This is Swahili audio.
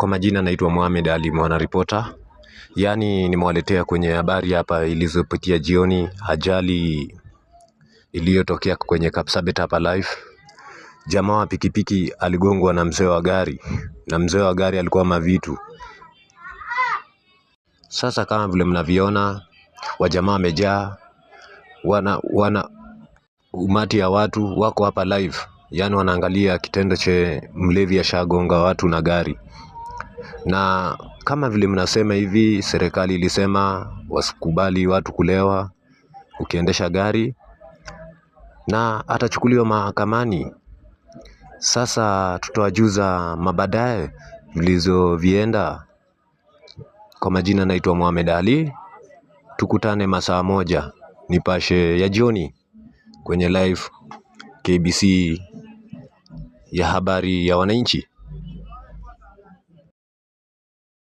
Kwa majina naitwa Mohamed Ali mwanaripota, yaani nimewaletea kwenye habari hapa ilizopitia jioni ajali iliyotokea kwenye Kapsabet hapa live. Jamaa wa pikipiki aligongwa na mzee wa gari, na mzee wa gari alikuwa mavitu. Sasa kama vile mnaviona, wajamaa wamejaa, wana wana umati ya watu wako hapa live, yaani wanaangalia kitendo che mlevi ashagonga watu na gari na kama vile mnasema hivi, serikali ilisema wasikubali watu kulewa ukiendesha gari, na atachukuliwa mahakamani. Sasa tutawajuza mabaadaye vilizovienda Kwa majina, naitwa Mohamed Ali. Tukutane masaa moja nipashe ya jioni kwenye live KBC ya habari ya wananchi.